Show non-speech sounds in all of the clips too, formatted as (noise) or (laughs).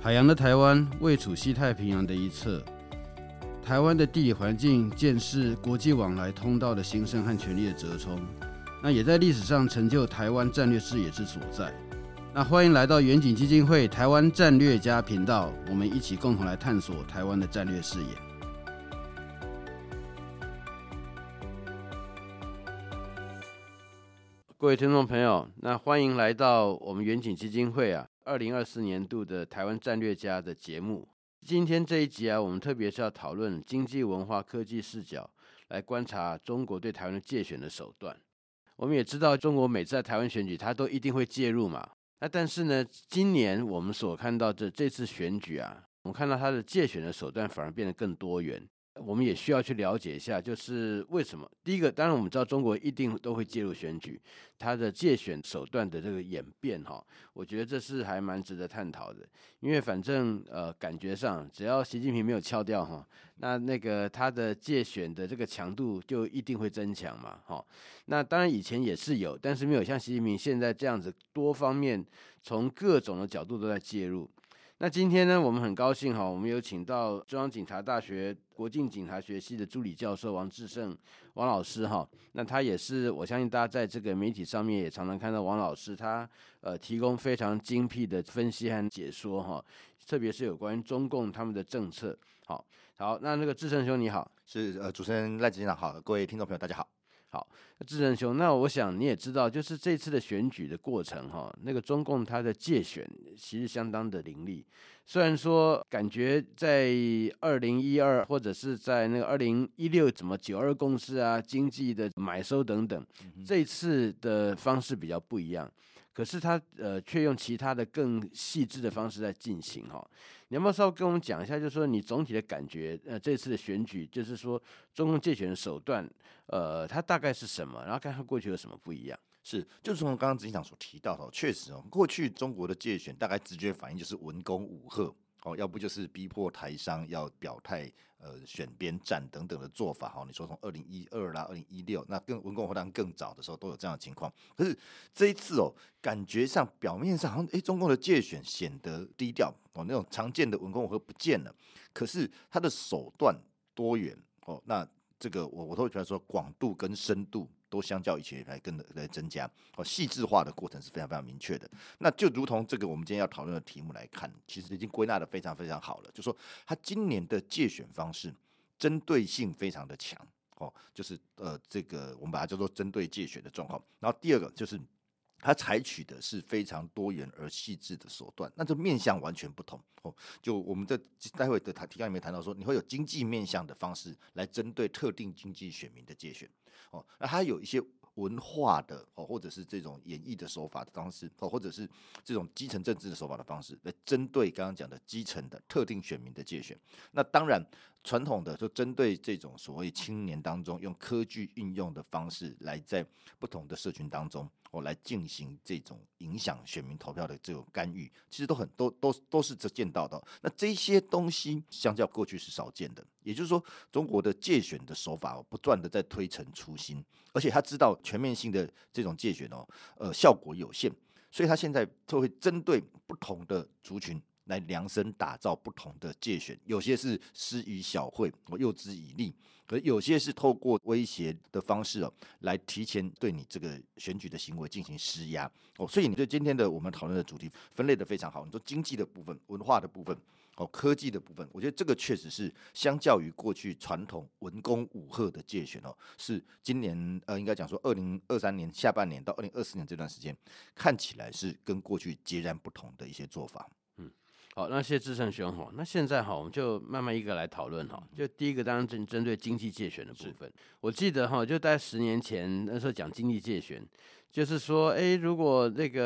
海洋的台灣位處西太平洋的一側，台灣的地理環境，見識國際往來通道的興盛和權力的折衝，那也在歷史上成就台灣戰略視野之所在。那歡迎來到遠景基金會台灣戰略家頻道，我們一起共同來探索台灣的戰略視野。各位聽眾朋友，那歡迎來到我們遠景基金會啊。二零二四年度的台灣戰略家的節目，今天這一集啊，我們特別是要討論經濟、文化、科技視角，來觀察中國對台灣的介選的手段。我們也知道，中國每次在台灣選舉，它都一定會介入嘛。那但是呢，今年我們所看到這這次選舉啊，我們看到它的介選的手段反而變得更多元。我們也需要去了解一下，就是為什麼？第一個，當然我們知道中國一定都會介入選舉，他的介選手段的這個演變哈，我覺得這是還蠻值得探討的。因為反正呃，感覺上只要習近平沒有翹掉，哈，那那個他的介選的這個強度就一定會增強嘛哈。那當然以前也是有，但是沒有像習近平現在這樣子多方面從各種的角度都在介入。那今天呢，我們很高興哈、哦，我們有請到中央警察大學國境警察學系的助理教授王智盛，王老師哈、哦。那他也是我相信大家在這個媒體上面也常常看到王老師他，他呃提供非常精闢的分析和解說哈、哦，特別是有關於中共他們的政策。好好，那那個智盛兄你好，是呃主持人賴執行長好，各位聽眾朋友大家好。好，智盛兄，那我想你也知道，就是這次的選舉的過程，哈，那個中共他的介選其實相當的凌厲。雖然說感覺在二零一二或者是在那個二零一六，怎麼九二共識啊、經濟的買收等等，嗯哼，這次的方式比較不一樣，可是他呃卻用其他的更細緻的方式在進行，哈。你有沒有稍微跟我們講一下，就是說你總體的感覺，呃，這次的選舉，就是說中共介選的手段，呃，它大概是什麼？然後看它過去有什麼不一樣？是，就是從剛剛執行長所提到的，確實哦，過去中國的介選大概直接反應就是文攻武嚇。哦，要不就是逼迫台商要表態，呃，選邊站等等的做法。哈、哦，你說從二零一二啦，二零一六，那更文工會談更早的時候都有這樣的情況。可是這一次哦，感覺上表面上好像，哎、欸，中共的介選顯得低調哦，那種常見的文工會不見了。可是他的手段多元哦，那這個我我都會覺得說廣度跟深度，都相較以前來更來增加哦，細緻化的過程是非常非常明確的。那就如同這個我們今天要討論的題目來看，其實已經歸納得非常非常好了。就說他今年的介選方式針對性非常的強哦，就是呃這個我們把它叫做針對介選的狀況。然後第二個就是。他採取的是非常多元而細緻的手段，那這面向完全不同哦。就我們在待會的提案裡面談到說，你會有經濟面向的方式來針對特定經濟選民的介選哦。那他有一些文化的哦，或者是這種演繹的手法的方式哦，或者是這種基層政治的手法的方式來針對剛剛講的基層的特定選民的介選。那當然傳統的就針對這種所謂青年當中，用科技運用的方式來在不同的社群當中，我來進行這種影響選民投票的這種干預，其實都很多，都都是這見到的。那這些東西相較過去是少見的，也就是說，中國的介選的手法不斷地在推陳出新，而且他知道全面性的這種介選哦，呃，效果有限，所以他現在就會針對不同的族群來量身打造不同的介選，有些是施以小惠，我誘之以利。可有些是透過威脅的方式哦，來提前對你這個選舉的行為進行施壓哦。所以你對今天的我們討論的主題分類的非常好。你說經濟的部分、文化的部分、哦科技的部分，我覺得這個確實是相較於過去傳統文攻武嚇的介選，哦，是今年呃應該講說二零二三年下半年到二零二四年這段時間，看起來是跟過去截然不同的一些做法。好，那智盛兄好。那現在哈，我們就慢慢一個來討論哈。就第一個，當然針針對經濟介選的部分。是我記得哈，就在十年前那時候講經濟介選，就是說，哎、欸，如果那個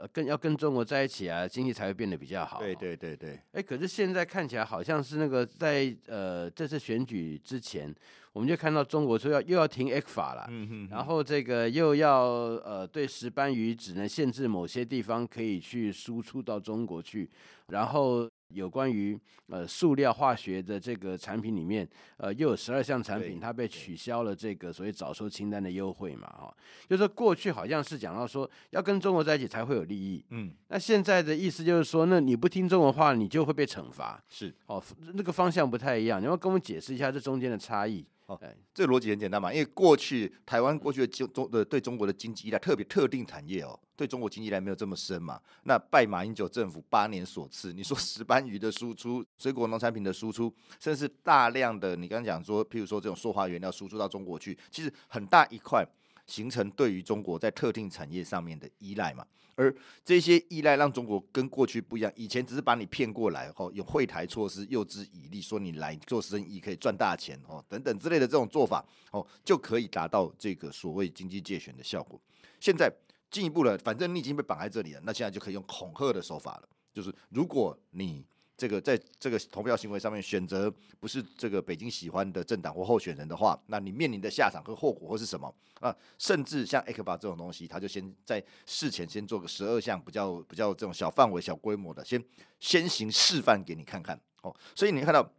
呃跟要跟中國在一起啊，經濟才會變得比較好。對對對對。哎、欸，可是現在看起來好像是那個在呃在這次選舉之前，我們就看到中國說要又要停 ECFA 了，嗯、哼哼然後這個又要呃對石斑魚只能限制某些地方可以去輸出到中國去，然後有關於呃塑料化學的這個產品裡面，呃又有十二項產品對它被取消了這個所謂早收清單的優惠嘛，哈、哦，就是過去好像是講到說要跟中國在一起才會有利益，嗯，那現在的意思就是說，那你不聽中國話你就會被懲罰，是，哦，那個方向不太一樣，你要,要跟我們解釋一下這中間的差異。哦，oh, 這邏輯很簡單嘛，因為過去台灣過去的經中的對中國的經濟依賴，特別特定產業哦，對中國經濟依賴沒有這麼深嘛。那拜馬英九政府八年所賜，你說石斑魚的輸出，水果農產品的輸出，甚至大量的你剛剛講說，譬如說這種塑化原料輸出到中國去，其實很大一塊。形成對於中國在特定產業上面的依賴嘛，而這些依賴讓中國跟過去不一樣，以前只是把你騙過來哦，用惠台措施誘之以利，說你來做生意可以賺大錢哦，等等之類的這種做法哦，就可以達到這個所謂經濟介選的效果。現在進一步了，反正你已經被綁在這裡了，那現在就可以用恐嚇的手法了，就是如果你。這個在這個投票行為上面選擇不是這個北京喜歡的政黨或候選人的話，那你面臨的下場和後果或是什麼啊？甚至像 ECFA 這種東西，他就先在事前先做個十二項比較比較這種小範圍、小規模的，先先行示範給你看看哦。所以你看到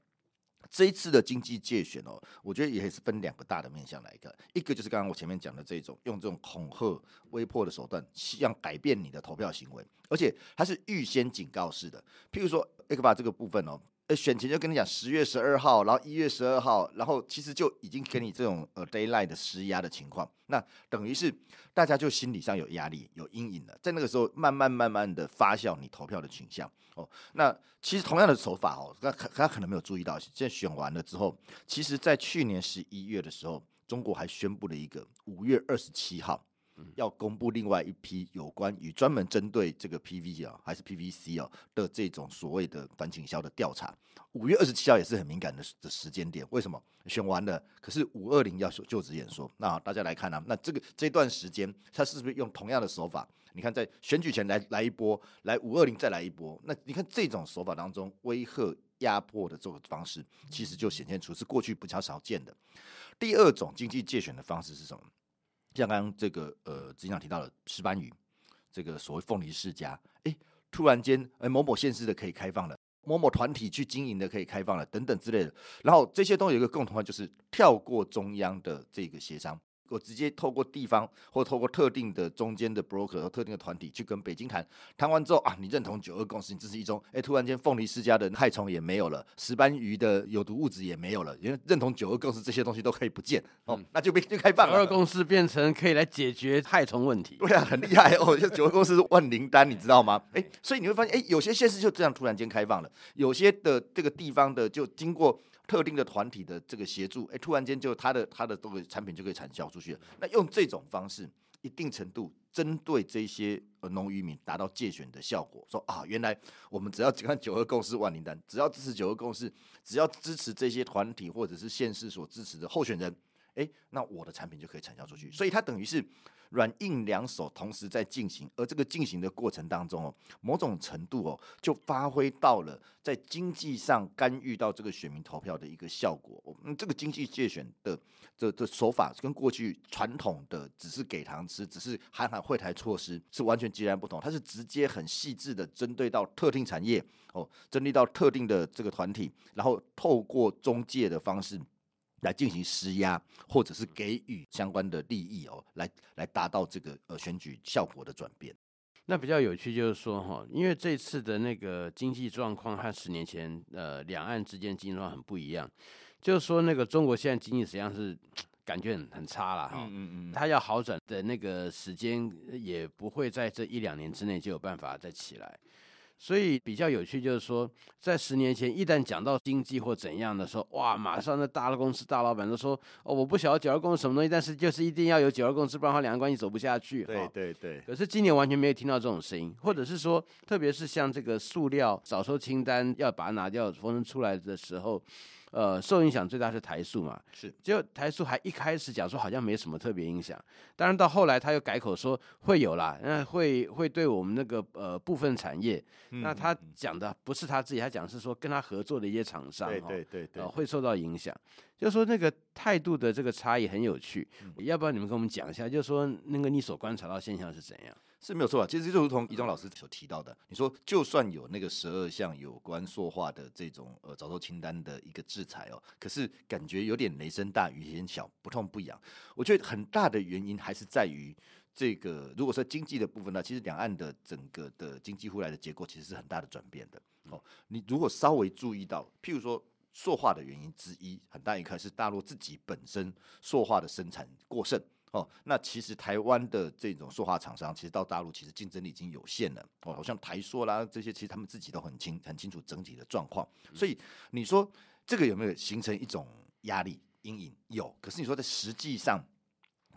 這一次的經濟介選哦，我覺得也是分兩個大的面向來看，一個就是剛剛我前面講的這種用這種恐嚇威迫的手段，要改變你的投票行為，而且它是預先警告式的，譬如說。ECFA 這個部分哦，選前就跟你講，十月十二號，然後一月十二號，然後其實就已經給你這種呃 daylight 的施壓的情況，那等於是大家就心理上有壓力、有陰影了，在那個時候慢慢慢慢的發酵你投票的傾向哦。那其實同樣的手法哦，大家可能沒有注意到，現在選完了之後，其實在去年十一月的時候，中國還宣布了一個五月二十七號。要公布另外一批有關於專門針對這個 P V 啊、喔、還是 P V C 啊、喔、的這種所謂的反傾銷的調查，五月二十七號也是很敏感的的時間點。為什麼選完了？可是五二零要就就職演說，那大家來看啊，那這個這段時間他是不是用同樣的手法？你看，在選舉前來來一波，來五二零再來一波。那你看這種手法當中威嚇壓迫的這個方式，其實就顯現出是過去比較少見的。第二種經濟介選的方式是什麼？像剛剛這個呃，經常提到的石斑魚，這個所謂鳳梨世家，哎，突然間，哎，某某縣市的可以開放了，某某團體去經營的可以開放了，等等之類的。然後這些都有一個共同的就是跳過中央的這個協商。我直接透過地方，或透過特定的中間的 broker 或特定的團體去跟北京談，談完之後啊，你認同九二共識，你這是一中，誒、欸，突然間鳳梨世家的害蟲也沒有了，石斑魚的有毒物質也沒有了，因為認同九二共識，這些東西都可以不見，嗯、哦，那就被開放了。九二共識變成可以來解決害蟲問題，對啊，很厲害哦， (laughs) 就九二共識是萬靈丹，你知道嗎？誒、欸，所以你會發現，誒、欸，有些縣市就這樣突然間開放了，有些的這個地方的就經過。特定的團體的這個協助，哎、欸，突然間就他的他的這個產品就可以產銷出去了。那用這種方式，一定程度針對這些呃農漁民，達到介選的效果。說啊，原來我們只要只看九二共識、萬靈丹，只要支持九二共識，只要支持這些團體或者是縣市所支持的候選人。哎，那我的產品就可以成交出去，所以它等於是軟硬兩手同時在進行，而這個進行的過程當中哦，某種程度哦，就發揮到了在經濟上干預到這個選民投票的一個效果。我、嗯、這個經濟介選的這這手法，跟過去傳統的只是給糖吃，只是喊喊惠台措施，是完全截然不同。它是直接很細緻的針對到特定產業哦，針對到特定的這個團體，然後透過中介的方式。來進行施壓，或者是給予相關的利益哦，來來達到這個呃選舉效果的轉變。那比較有趣就是說哈、哦，因為這次的那個經濟狀況和十年前呃兩岸之間的經濟狀況很不一樣，就是說那個中國現在經濟實際上是感覺很很差了哈，哦、嗯嗯嗯，它要好轉的那個時間也不會在這一兩年之內就有辦法再起來。所以比較有趣就是說，在十年前，一旦講到經濟或怎樣的時候，哇，馬上那大公司大老闆都說，哦，我不曉得九二共識什麼東西，但是就是一定要有九二共識，不然的話兩個關係走不下去。對、哦、對對。對對，可是今年完全沒有聽到這種聲音，或者是說，特別是像這個塑料早收清單要把它拿掉、封存出來的時候。呃，受影響最大是台塑嘛，是，就台塑還一開始講說好像沒什麼特別影響，當然到後來他又改口說、嗯、會有啦，那會會對我們那個呃部分產業，嗯、那他講的不是他自己，他講是說跟他合作的一些廠商，對對對,對、呃，會受到影響，就說那個態度的這個差異很有趣，嗯、要不要你們跟我們講一下，就說那個你所觀察到現象是怎樣？是沒有錯啊，其實就如同怡忠老師所提到的，嗯、你說就算有那個十二項有關塑化的這種呃早收清單的一個制裁哦，可是感覺有點雷聲大雨點小，不痛不癢。我覺得很大的原因還是在於這個，如果說經濟的部分呢，其實兩岸的整個的經濟互賴的結構其實是很大的轉變的、嗯、哦。你如果稍微注意到，譬如說塑化的原因之一，很大一塊，是大陸自己本身塑化的生產過剩。哦，那其實台灣的這種塑化廠商，其實到大陸其實競爭力已經有限了。哦，好像台塑啦這些，其實他們自己都很清很清楚整體的狀況。所以你說這個有沒有形成一種壓力陰影？有。可是你說在實際上。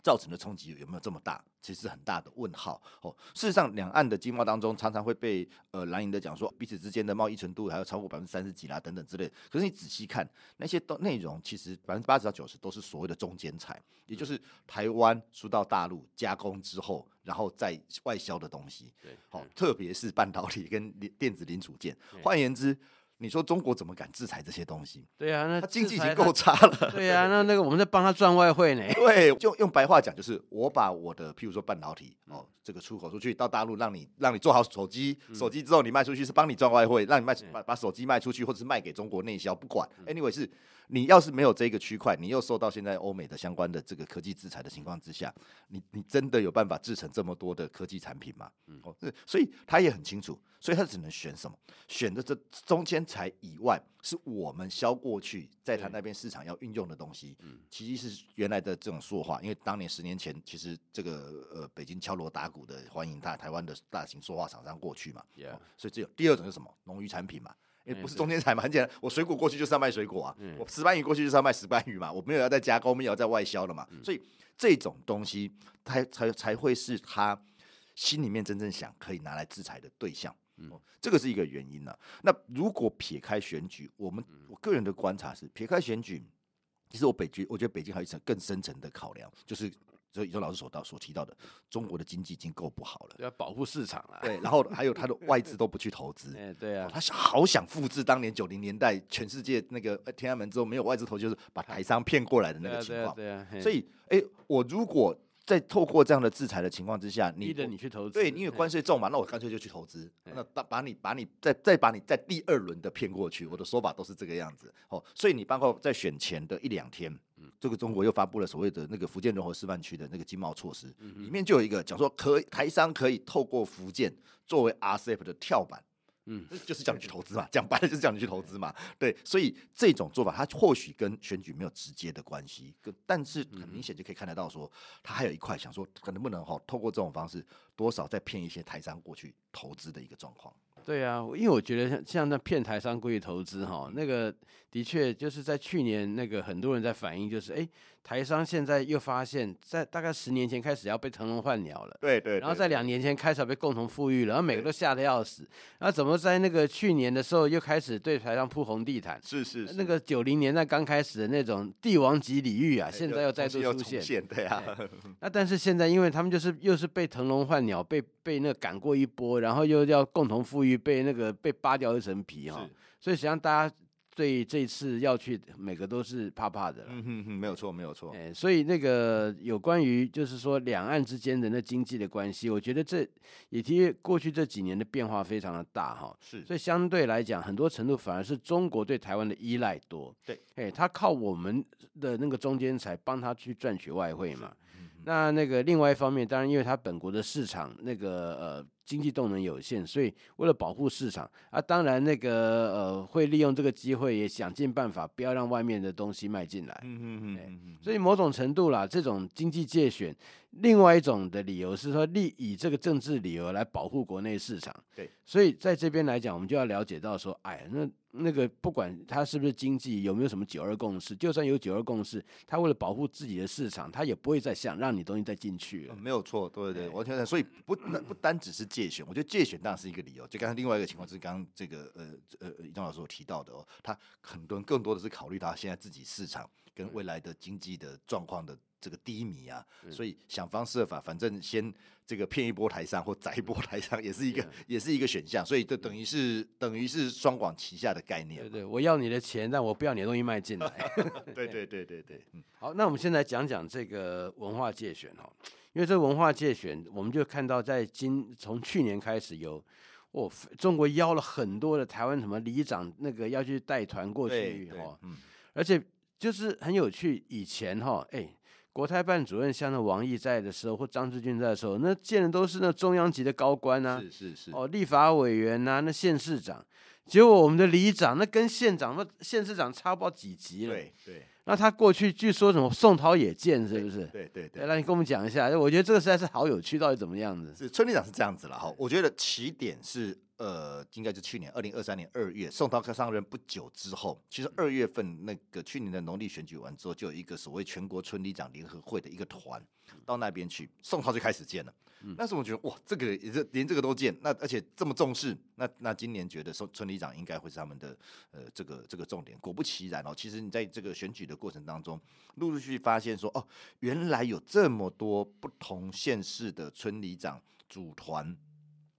造成的衝擊有沒有這麼大？其實是很大的問號哦。事實上，兩岸的經貿當中常常會被呃藍營的講說，彼此之間的貿易程度還要超過百分之三十幾啦、啊、等等之類。可是你仔細看那些都內容，其實百分之八十到九十都是所謂的中間財，也就是台灣輸到大陸加工之後，然後再外銷的東西。對，好，特別是半導體跟電子零組件。換對言之。你說中國怎麼敢制裁這些東西？對啊，那他經濟已經夠差了。對啊，那那個我們在幫他賺外匯呢。 (laughs) 對，就用白話講，就是我把我的，譬如說半導體哦，這個出口出去到大陸，讓你讓你做好手機，嗯、手機之後你賣出去是幫你賺外匯，讓你賣、嗯、把，把手機賣出去，或者是賣給中國內銷，不管、嗯、，anyway 是。你要是沒有這個區塊，你又受到現在歐美的相關的這個科技制裁的情況之下，你你真的有辦法制成這麼多的科技產品嗎？嗯，哦，所以他也很清楚，所以他只能選什麼？選的這中間財以外，是我們銷過去在他那邊市場要運用的東西。嗯，其實是原來的這種塑化，因為當年十年前其實這個呃北京敲鑼打鼓的歡迎他台灣的大型塑化廠商過去嘛。Yeah. 哦，所以只有第二種是什麼？農漁產品嘛。哎、欸，不是中間財嘛，很簡單，嗯、我水果過去就是要賣水果啊，嗯、我石斑魚過去就是要賣石斑魚嘛，我沒有要再加工，我們也要在外銷了嘛，嗯、所以這種東西才才才會是他心裡面真正想可以拿來制裁的對象，嗯、哦，這個是一個原因啊。那如果撇開選舉，我們、嗯、我個人的觀察是，撇開選舉，其實我北京，我覺得北京還有一層更深層的考量，就是。所以，宇宙老師所到所提到的，中國的經濟已經夠不好了，要保護市場了。對，然後還有他的外資都不去投資、 (laughs) 欸啊哦。他想好想複製當年九零年代全世界那個天安門之後沒有外資投資，就是把台商騙過來的那個情況。所以，哎、欸，我如果在透過這樣的制裁的情況之下，你逼着你去投資，對，因為關稅重嘛，嘿那我乾脆就去投資。嘿那把你把你把你再把你在第二輪的騙過去，我的說法都是這個樣子。哦，所以你包括在選前的一兩天。這個中國又發布了所謂的那個福建融合示範區的那個經貿措施，裡面就有一個講說可以，可台商可以透過福建作為 RCEP 的跳板，嗯，就是叫你去投資嘛，講白了就是叫你去投資嘛，嗯、對，所以這種做法，它或許跟選舉沒有直接的關係，但是很明顯就可以看得到說，他還有一塊想說，可能不能哈，透過這種方式，多少再騙一些台商過去投資的一個狀況。對啊，因為我覺得像像那騙台商故意投資哈、哦，那個的確就是在去年那個很多人在反映，就是哎。誒台商現在又發現，在大概十年前開始要被騰籠換鳥了，對對、對，然後在兩年前開始要被共同富裕了，然後每個都嚇得要死，對 然後怎麼在那個去年的時候又開始對台商鋪紅地毯？是是、是，那個九零年代剛開始的那種帝王級禮遇啊，對現在又再次出現，現對啊對。那但是現在，因為他們就是又是被騰籠換鳥被，被被那趕過一波，然後又要共同富裕，被那個被扒掉一層皮啊。是所以實際上大家。對，這次要去的每個都是怕怕的。嗯哼哼，沒有錯，沒有錯。欸，所以那個有關於就是說兩岸之間的那經濟的關係，我覺得這也提及過去這幾年的變化非常的大哈。是，所以相對來講，很多程度反而是中國對台灣的依賴多。對，哎、欸，他靠我們的那個中間才幫他去賺取外匯嘛。嗯、那那個另外一方面，當然因為他本國的市場那個呃。經濟動能有限，所以為了保護市場啊，當然那個呃，會利用這個機會，也想盡辦法不要讓外面的東西賣進來。嗯哼嗯嗯。所以某種程度啦，這種經濟介選，另外一種的理由是說，利以這個政治理由來保護國內市場。對。所以在這邊來講，我們就要了解到說，哎，那那個不管他是不是經濟有沒有什麼九二共識，就算有九二共識，他為了保護自己的市場，他也不會再想讓你東西再進去了。嗯、沒有錯，對對，對，我覺得，所以不不單只是。介選，我覺得介選當然是一個理由。就剛才另外一個情況，就是剛剛這個呃呃呃，怡忠老師有提到的哦，他很多人更多的是考慮到現在自己市場跟未來的經濟的狀況的這個低迷啊，嗯、所以想方設法、啊，反正先這個騙一波台商或宰一波台商，也是一個、嗯、也是一個選項。所以就等於是、嗯、等於是雙管齊下的概念、啊。對，對，我要你的錢，但我不要你的東西賣進來。 (laughs) (laughs) 對對對對對。嗯、好，那我們先來講講這個文化介選哦。因為這文化介選，我們就看到在今從去年開始有，哦，中國邀了很多的台灣什麼里長那個要去帶團過去，哦，嗯、而且就是很有趣，以前哈、哦，哎，國台辦主任像那王毅在的時候，或張志軍在的時候，那見的都是那中央級的高官啊，是是是，是是哦，立法委員吶、啊，那縣市長，結果我們的里長那跟縣長、那縣市長差不到幾級了，對對。對。那他過去據說什麼宋濤也見，是不是？對對對，對，對，那你跟我們講一下，我覺得這個實在是好有趣，到底怎麼樣子？是，村里長是這樣子了哈，我覺得起點是。呃，應該是去年二零二三年二月，宋濤剛上任不久之後，其實二月份那個去年的農曆選舉完之後，就有一個所謂全國村里長聯合會的一個團到那邊去，宋濤就開始見了。嗯、那時候我覺得哇，這個也是連這個都見，那而且這麼重視，那那今年覺得村里長應該會是他們的呃這個這個重點。果不其然哦，其實你在這個選舉的過程當中，陸陸續續發現說哦，原來有這麼多不同縣市的村里長組團。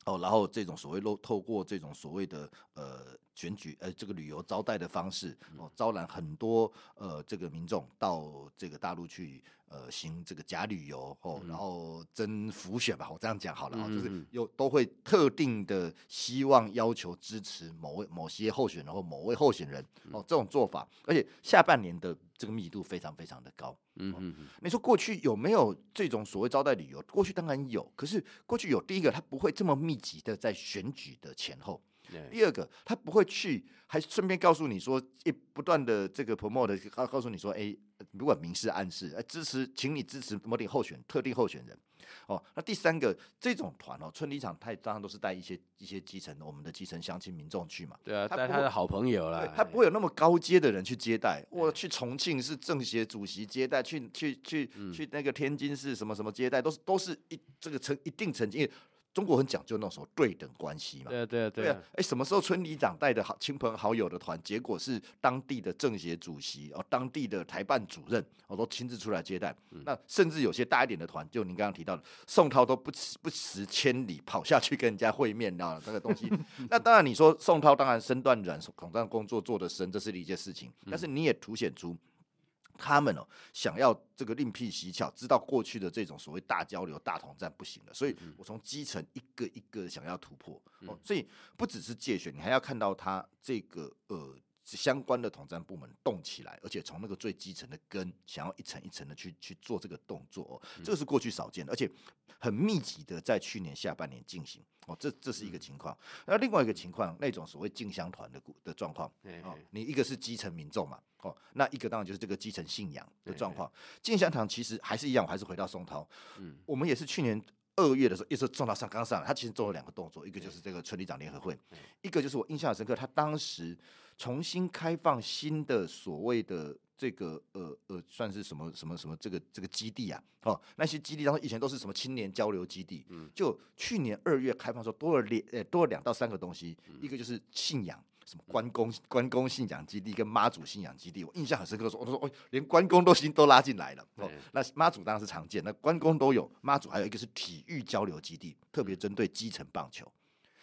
哦，然後這種所謂漏，透過這種所謂的呃。選舉呃，這個旅遊招待的方式哦，招攬很多呃，這個民眾到這個大陸去呃，行這個假旅遊哦，嗯、然後真輔選吧，我這樣講好了啊，嗯、哼就是有都會特定的希望要求支持某位某些候選人或某位候選人哦，這種做法，而且下半年的這個密度非常非常的高，哦、嗯哼哼，你說過去有沒有這種所謂招待旅遊？過去當然有，可是過去有第一個，他不會這麼密集的在選舉的前後。Yeah. 第二個，他不會去，還順便告訴你說，一、欸、不斷的這個 promote，告告訴你說，如、欸、不管明示暗示、欸，支持，請你支持某位候選特定候選人。哦，那第三個，這種團哦，村里長他當然都是帶一些一些基層，我們的基層鄉親民眾去嘛。對啊，帶他的好朋友啦。他不會有那麼高階的人去接待。我 Yeah. 去重慶是政協主席接待，去去去、嗯、去那個天津市什麼什麼接待，都是都是一這個層一定層級。中國很講究那種對等關係嘛，對啊對啊對，啊對、啊。哎，什麼時候村里長帶着好親朋好友的團，結果是當地的政協主席哦，當地的台辦主任，我、哦、都親自出來接待。嗯、那甚至有些大一點的團，就您剛剛提到的，宋濤都不不辭千里跑下去跟人家會面那這個東西。 (laughs) 那當然，你說宋濤當然身段軟，統戰工作做得深，這是一件事情。但是你也凸顯出，嗯他們哦，想要這個另闢蹊徑，知道過去的這種所謂大交流、大統戰不行了，所以我從基層一個一個想要突破、嗯、哦，所以不只是介選，你還要看到他這個呃。相關的統戰部門動起來，而且從那個最基層的根，想要一層一層的去去做這個動作、哦，嗯、這個是過去少見的，而且很密集的在去年下半年進行哦，這這是一個情況。那、嗯、另外一個情況，那種所謂進香團的的狀況，嘿嘿哦，你一個是基層民眾嘛，哦，那一個當然就是這個基層信仰的狀況。進嘿嘿 香團其實還是一樣，還是回到宋濤，嗯，我們也是去年。二月的時候，一直上到上剛上來，他其實做了兩個動作，一個就是這個村里長聯合會，嗯嗯、一個就是我印象深刻，他當時重新開放新的所謂的這個呃呃，算是什麼什麼什麼這個這個基地啊？哦，那些基地，然後以前都是什麼青年交流基地，嗯、就去年二月開放的時候多了兩，呃，多了兩到三個東西，嗯、一個就是信仰。什麼關公關公信仰基地跟媽祖信仰基地，我印象很深刻都說，我都說我說哦，連關公都已經都拉進來了對哦。那媽祖當然是常見，那關公都有媽祖，還有一個是體育交流基地，特別針對基層棒球。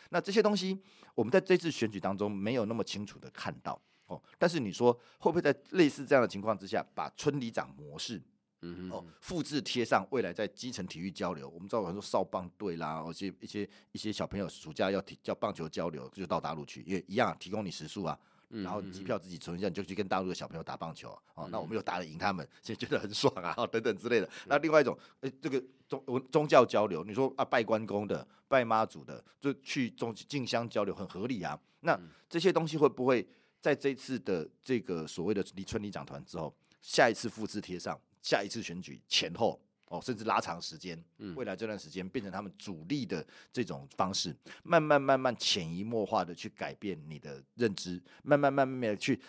那這些東西，我們在這次選舉當中沒有那麼清楚的看到哦。但是你說會不會在類似這樣的情況之下，把村里長模式，嗯哼，哦，複製貼上，未來在基層體育交流，我們知道很多少棒隊啦，而、哦、且一些一些，一些小朋友暑假要提叫棒球交流，就到大陸去，也一樣、啊、提供你食宿啊，嗯、哼然後機票自己存一下，你就去跟大陸的小朋友打棒球、啊，哦，那、嗯、哼我們又打得贏他們，是覺得很爽啊、哦，等等之類的。是那另外一種，呃、欸，這個宗宗教交流，你說啊，拜關公的，拜媽祖的，就去中進香交流，很合理啊。那、嗯、這些東西會不會在這次的這個所謂的里村里長團之後，下一次複製貼上？下一次選舉前後，哦，甚至拉長時間，嗯，未來這段時間變成他們主力的這種方式，慢慢慢慢潛移默化的去改變你的認知，慢慢慢慢的去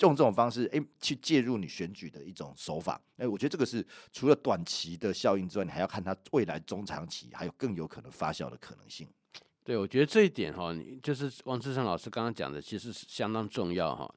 用這種方式，哎、欸，去介入你選舉的一種手法。哎、欸，我覺得這個是除了短期的效應之外，你還要看它未來中長期還有更有可能發酵的可能性。對，我覺得這一點哈、哦，就是王智盛老師剛剛講的，其實是相當重要哈、哦。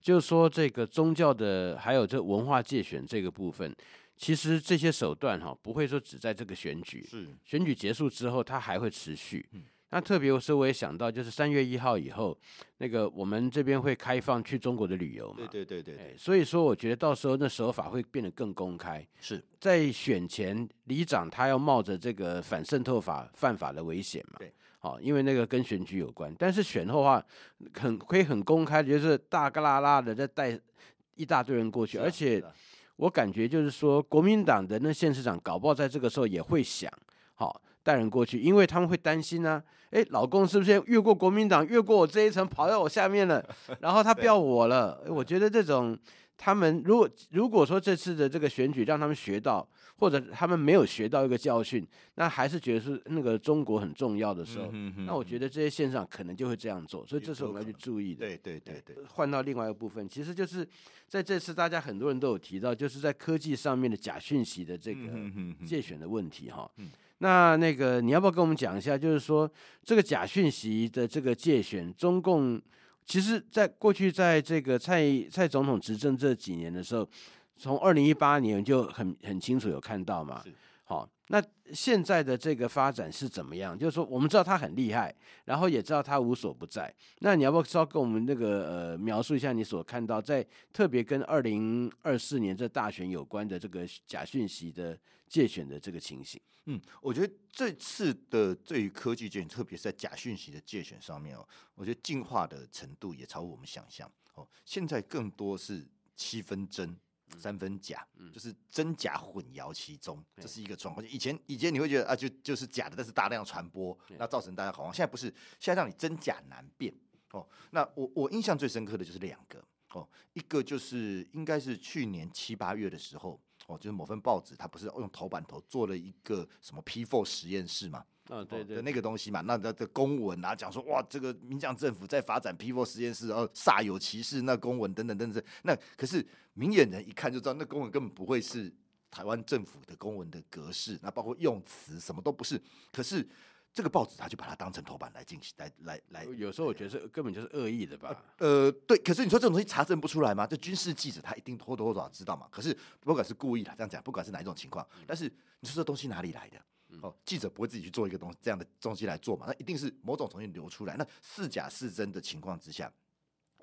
就是說，這個宗教的，還有這文化介選這個部分，其實這些手段哈、哦，不會說只在這個選舉，是選舉結束之後，它還會持續。嗯、那特別是我也想到，就是三月一號以後，那個我們這邊會開放去中國的旅遊嘛，對，對對對對。哎、所以說，我覺得到時候那手法會變得更公開。是在選前，里長他要冒着這個反滲透法犯法的危險嘛？對。哦，因為那個跟選舉有關，但是選後的話，很可以很公開，就是大嘎啦啦的再帶一大堆人過去，而且我感覺就是說，國民黨的那縣市長搞不好在這個時候也會想，好帶人過去，因為他們會擔心呢、啊，哎，老公是不是越過國民黨，越過我這一層，跑在我下面了，然後他不要我了？ (laughs) 對我覺得這種他們如果如果說這次的這個選舉讓他們學到。或者他們沒有學到一個教訓，那還是覺得是那個中國很重要的時候，嗯、哼哼哼，那我覺得這些線上可能就會這樣做，所以這是我們要去注意的。對對對對。換到另外一個部分，其實就是在這次大家很多人都有提到，就是在科技上面的假訊息的這個介選的問題哈。嗯、哼哼哼，那那個你要不要跟我們講一下，就是說這個假訊息的這個介選，中共其實在過去在這個蔡蔡總統執政這幾年的時候從二零一八年就很很清楚有看到嘛，好是、哦，那現在的這個發展是怎麼樣？就是說，我們知道它很厲害，然後也知道它無所不在。那你要不要稍微跟我們那個呃描述一下你所看到，在特別跟二零二四年這大選有關的這個假訊息的介選的這個情形？嗯，我覺得這次的對於科技介選，特別是在假訊息的介選上面哦，我覺得進化的程度也超乎我們想象哦。現在更多是七分真，三分假，嗯、就是真假混淆其中，嗯、這是一個狀況。以前以前你會覺得啊，就就是假的，但是大量傳播，嗯、那造成大家恐慌。現在不是，現在讓你真假難辨哦。那我我印象最深刻的就是兩個哦，一個就是應該是去年七八月的時候哦，就是某份報紙它不是用頭版頭做了一個什麼 P4 實驗室嗎？嗯、哦，對對、哦，那個東西嘛，那的、個、的、這個、公文啊，講說哇，這個民將政府在發展 P4 實驗室，哦，煞有其事，那公文等等等等，那可是明眼人一看就知道，那公文根本不會是台灣政府的公文的格式，那包括用詞什麼都不是。可是這個報紙他就把它當成頭版來進行，來來來。來有時候我覺得是來根本就是惡意的吧？呃，對，可是你說這種東西查證不出來嗎？這軍事記者他一定多多少少知道嘛。可是不管是故意的這樣講，不管是哪一種情況，但是你說這東西哪裡來的？哦，記者不會自己去做一個東西這樣的東西來做嘛？那一定是某種程序流出來。那是假是真的情況之下，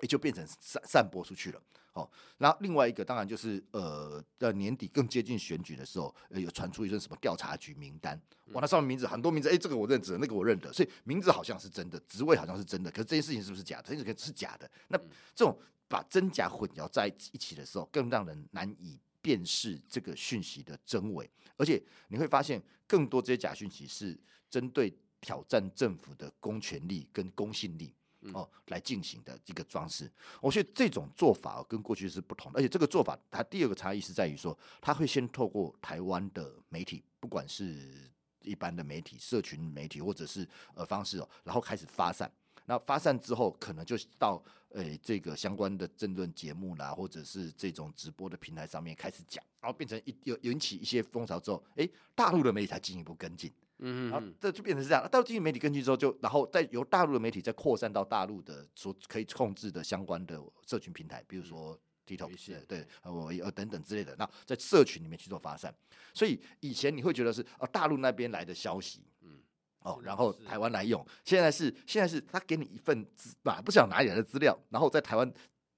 也、欸、就變成散散播出去了。好、哦，那另外一個當然就是呃，要年底更接近選舉的時候，呃、有傳出一些什麼調查局名單哇，那上面名字很多名字，哎、欸，這個我認識，那個我認得，所以名字好像是真的，職位好像是真的，可是這件事情是不是假的？這個事是假的。那這種把真假混淆在一起的時候，更讓人難以。辨識這個訊息的真偽，而且你會發現更多這些假訊息是針對挑戰政府的公權力跟公信力哦來進行的一個裝飾。嗯。我覺得這種做法跟過去是不同的，而且這個做法它第二個差異是在於說，它會先透過台灣的媒體，不管是一般的媒體、社群媒體或者是呃方式哦，然後開始發散。那發散之後，可能就到誒、欸、這個相關的政論節目啦，或者是這種直播的平台上面開始講，然後變成一有引起一些風潮之後，誒、欸，大陸的媒體才進一步跟進，嗯，然後這就變成是這樣。到大陸媒體跟進之後就，就然後再由大陸的媒體再擴散到大陸的所可以控制的相關的社群平台，比如說 TikTok 是對，我、呃呃呃，等等之類的。那在社群裡面去做發散，所以以前你會覺得是啊，呃，大陸那邊來的消息，嗯。哦，然後台灣來用，現在是現在是他給你一份資，啊，不曉得哪裡來的資料，然後在台灣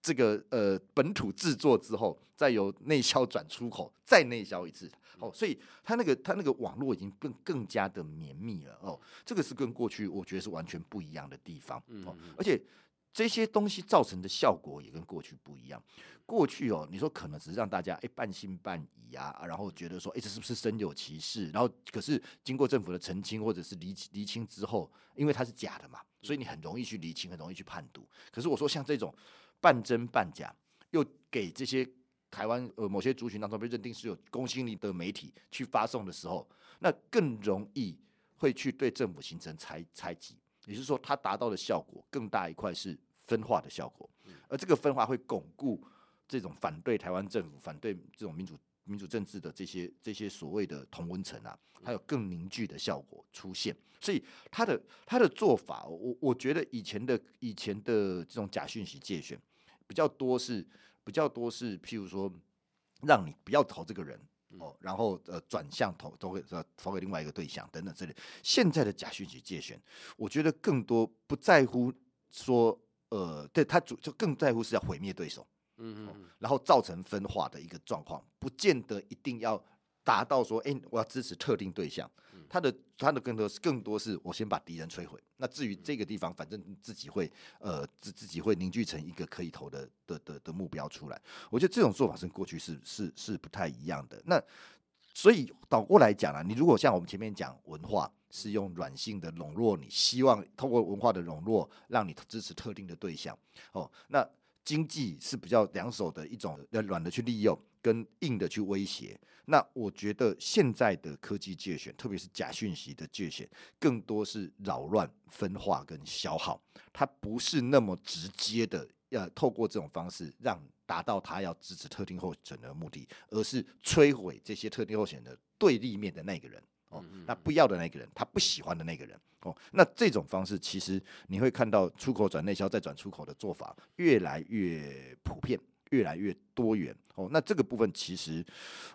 這個呃本土製作之後，再由內銷轉出口，再內銷一次。哦，所以他那個他那個網絡已經更更加的綿密了。哦，這個是跟過去我覺得是完全不一樣的地方。嗯嗯哦，而且。這些東西造成的效果也跟過去不一樣。過去哦，你說可能只是讓大家誒半信半疑啊，然後覺得說哎這是不是身有其事，然後可是經過政府的澄清或者是釐清之後，因為它是假的嘛，所以你很容易去釐清，很容易去判讀。可是我說像這種半真半假，又給這些台灣呃某些族群當中被認定是有公信力的媒體去發送的時候，那更容易會去對政府形成猜猜忌。猜也就是說，它達到的效果更大一塊是分化的效果，而這個分化會鞏固這種反對台灣政府、反對這種民主民主政治的這些這些所謂的同溫層啊，還有更凝聚的效果出現。所以，他的他的做法，我我覺得以前的以前的這種假訊息介選，比較多是比較多是，譬如說，讓你不要投這個人。哦，然後呃，轉向投投給投給另外一個對象等等之類。現在的假訊息介選，我覺得更多不在乎說，呃，對他主就更在乎是要毀滅對手，嗯哼、哦、然後造成分化的一個狀況，不見得一定要達到說，哎、欸，我要支持特定對象。他的他的更多是更多是我先把敵人摧毀，那至於這個地方，反正自己會呃自自己會凝聚成一個可以投的的的的目標出來。我覺得這種做法是跟過去是是是不太一樣的。那所以倒過來講了、啊，你如果像我們前面講文化是用軟性的籠絡，你希望通過文化的籠絡讓你支持特定的對象哦，那經濟是比較兩手的一種，要軟的去利用。跟硬的去威脅，那我覺得現在的科技介選，特別是假訊息的介選，更多是擾亂、分化跟消耗。它不是那麼直接的，要、呃、透過這種方式讓達到他要支持特定候選人的目的，而是摧毀這些特定候選人的對立面的那個人哦，嗯嗯嗯，那不要的那個人，他不喜歡的那個人哦，那這種方式其實你會看到出口轉內銷再轉出口的做法越來越普遍。越來越多元哦，那這個部分其實，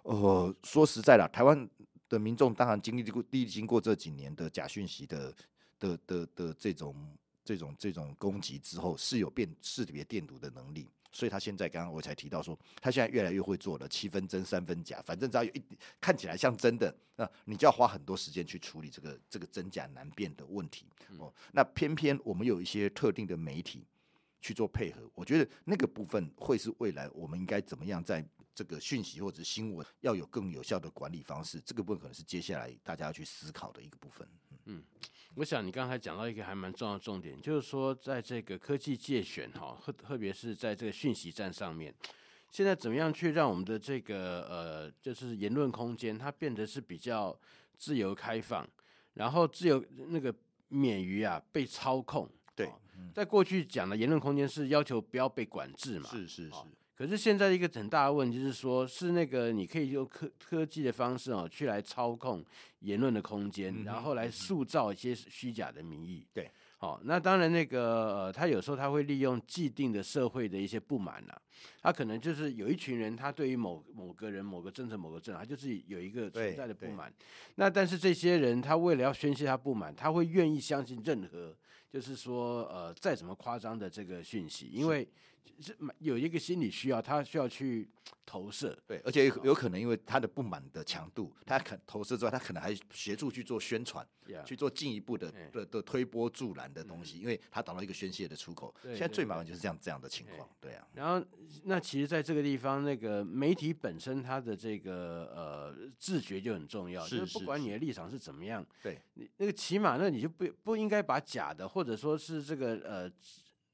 呃，說實在啦，台灣的民眾當然經歷過，經歷經過這幾年的假訊息的的的的這種這種這種攻擊之後，是有辨識別電毒的能力，所以他現在剛剛我才提到說，他現在越來越會做了，七分真三分假，反正只要有一點看起來像真的，那你就要花很多時間去處理這個這個真假難辨的問題哦。那偏偏我們有一些特定的媒體。去做配合，我覺得那個部分會是未來我們應該怎麼樣在這個訊息或者新聞要有更有效的管理方式，這個部分可能是接下來大家要去思考的一個部分。嗯，我想你剛才講到一個還蠻重要的重點，就是說在這個科技介選哈，特特別是在這個訊息戰上面，現在怎麼樣去讓我們的這個呃，就是言論空間它變得是比較自由開放，然後自由那個免於啊被操控。對，在過去講的言論空間是要求不要被管制嘛。是是是。哦、可是現在一個很大的問題就是說，是那個你可以用科科技的方式哦去來操控言論的空間，嗯、哼然後來塑造一些虛假的民意。對，好、哦，那當然那個呃，他有時候他會利用既定的社會的一些不滿啊，他可能就是有一群人，他對於某某個人、某個政策、某個政，他就是有一個存在的不滿。那但是這些人，他為了要宣泄他不滿，他會願意相信任何。就是說，呃，再怎麼誇張的這個訊息，因為。是有一個心理需要，他需要去投射。對，而且有有可能，因為他的不滿的強度，嗯、他可投射之外，他可能還協助去做宣傳，嗯、去做進一步的、嗯、的的推波助瀾的東西，嗯、因為他找到一個宣洩的出口。對，對，對，對，現在最麻煩就是這樣這樣的情況。對，對，對，對啊，然後，那其實在這個地方，那個媒體本身，它的這個呃自覺就很重要。是是是就是。不管你的立場是怎麼樣，對，那個起碼，那你就不不應該把假的，或者說是這個呃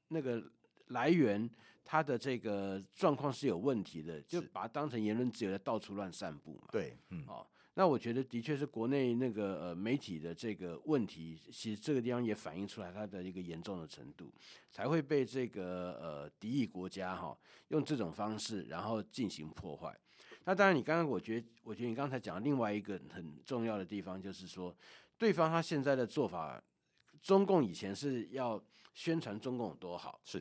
那個。來源，他的這個狀況是有問題的，就把它當成言論自由的到處亂散布嘛。對，嗯，哦，那我覺得的確是國內那個呃媒體的這個問題，其實這個地方也反映出來它的一個嚴重的程度，才會被這個呃敵意國家哈、哦、用這種方式然後進行破壞。那當然，你剛剛我覺得，我覺得你剛才講的另外一個很重要的地方就是說，對方他現在的做法，中共以前是要宣傳中共有多好是。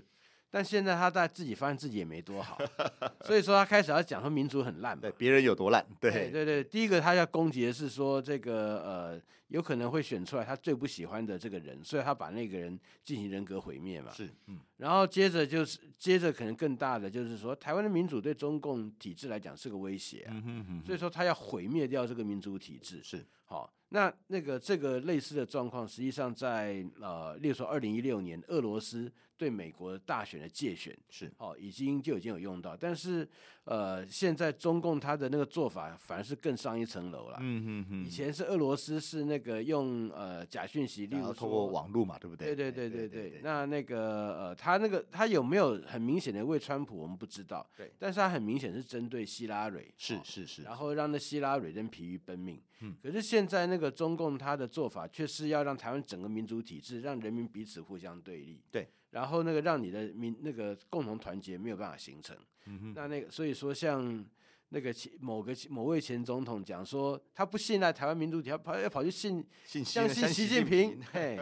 但現在他在自己發現自己也沒多好， (laughs) 所以說他開始要講說民主很爛嘛，對，別人有多爛，對對，對對，第一個他要攻擊的是說這個呃。有可能會選出來他最不喜歡的這個人，所以他把那個人進行人格毀滅嘛？是，嗯。然後接着就是，接着可能更大的就是說，台灣的民主對中共體制來講是個威脅，啊，嗯哼哼。所以說他要毀滅掉這個民主體制是。好，哦，那那個這個類似的狀況，實際上在呃，例如說二零一六年俄羅斯對美國大選的介選是，好，哦，已經就已經有用到，但是呃，現在中共他的那個做法反而是更上一層樓了，嗯哼哼。以前是俄羅斯是那個。那個用呃假訊息，例如透過網絡嘛，對不對？對對對對對。對對對對對那那個呃，他那個他有沒有很明顯的為川普？我們不知道。對。但是他很明顯是針對希拉蕊，是是是、哦。然後讓那希拉蕊跟疲於奔命。嗯。可是現在那個中共他的做法，卻是要讓台灣整個民族體制，讓人民彼此互相對立。對。然後那個讓你的民那個共同團結沒有辦法形成。嗯哼。那那個所以說像。那個前某個某位前總統講說，他不信賴台灣民主體，他跑要跑去信相信習近平，近平嘿，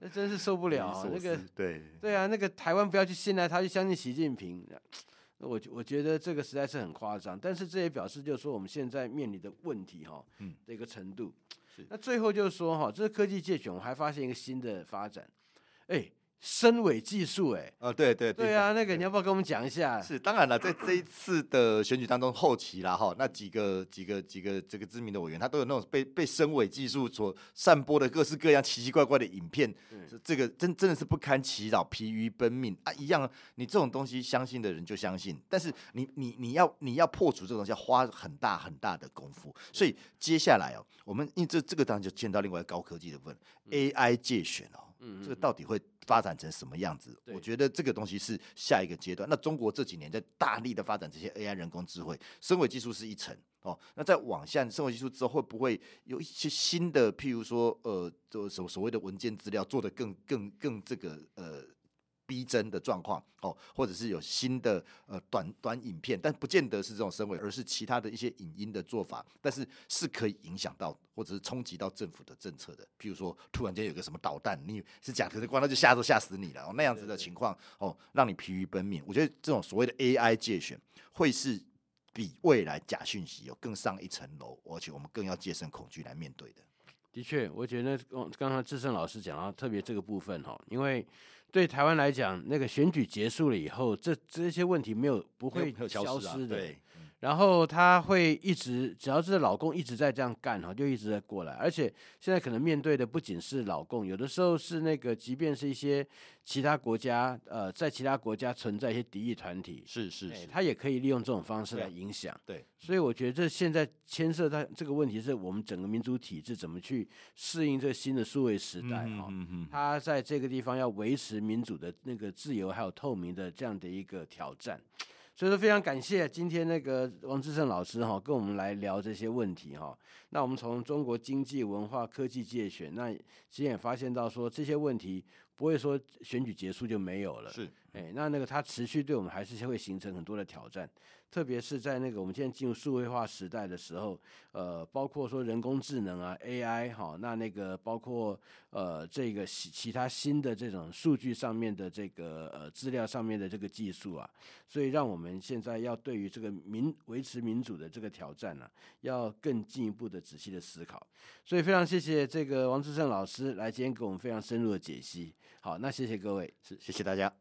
那 (laughs) 真是受不了，啊，錯那個對，對啊，那個台灣不要去信賴，他去相信習近平，我我覺得這個實在是很誇張，但是這也表示就是說我們現在面臨的問題哈，嗯，的一個程度。是那最後就是說哈，這個科技介選，我們還發現一個新的發展，哎，欸。身偽技術，哎，呃，對對對啊，那個你要不要跟我們講一下 (laughs) 是？是當然了，在這一次的選舉當中後期啦，哈，那幾個幾個幾個這個知名的委員，他都有那種被被身偽技術所散播的各式各樣奇奇怪怪的影片，嗯、這個真真的是不堪其擾，疲於奔命啊！一樣，你這種東西相信的人就相信，但是你你你要你要破除這種東西要花很大很大的功夫。所以接下來哦、喔，我們因這這個當然就見到另外一個高科技的部分 AI 介選哦、喔，這個到底會？發展成什麼樣子？對我覺得這個東西是下一個階段。那中國這幾年在大力的發展這些 AI 人工智慧、生物技術是一層哦。那再往下，生物技術之後會不會有一些新的？譬如說，呃，就所所謂的文件資料做得更更更這個呃。逼真的狀況哦，或者是有新的呃短短影片，但不見得是這種深偽，而是其他的一些影音的做法，但是是可以影響到或者是衝擊到政府的政策的。譬如說，突然間有個什麼導彈，你是假的燈光，那就嚇都嚇死你了、哦。那樣子的情況對哦，讓你疲於奔命。我覺得這種所謂的 AI 介選，會是比未來假訊息有更上一層樓，而且我們更要戒慎恐懼來面對的。的確，我覺得剛剛智盛老師講到特別這個部分哈、哦，因為。對台灣來講，那個選舉結束了以後，這這些問題沒有，不會消失的。然後他會一直，只要是老共一直在這樣幹哈、哦，就一直在過來。而且現在可能面對的不僅是老共，有的時候是那個，即便是一些其他國家，呃，在其他國家存在一些敵意團體，是是、是、哎，他也可以利用這種方式來影響。對、啊、對，所以我覺得這現在牽涉到這個問題，是我們整個民主體制怎麼去適應這個新的數位時代哈、哦。嗯哼嗯哼，他在這個地方要維持民主的那個自由還有透明的這樣的一個挑戰。所以說，非常感謝今天那個王智盛老師哈，跟我們來聊這些問題哈。那我們從中國經濟、文化、科技介選，那其實也發現到說這些問題。不會說選舉結束就沒有了，是，誒、哎，那那個它持續對我們還是會形成很多的挑戰，特別是在那個我們現在進入數位化時代的時候，呃，包括說人工智能啊，AI，哈、啊，那那個包括呃這個其其他新的這種數據上面的這個呃資料上面的這個技術啊，所以讓我們現在要對於這個民維持民主的這個挑戰呢、啊，要更進一步的仔細的思考。所以非常謝謝這個王智盛老師來今天給我們非常深入的解析。好，那謝謝各位，謝謝大家。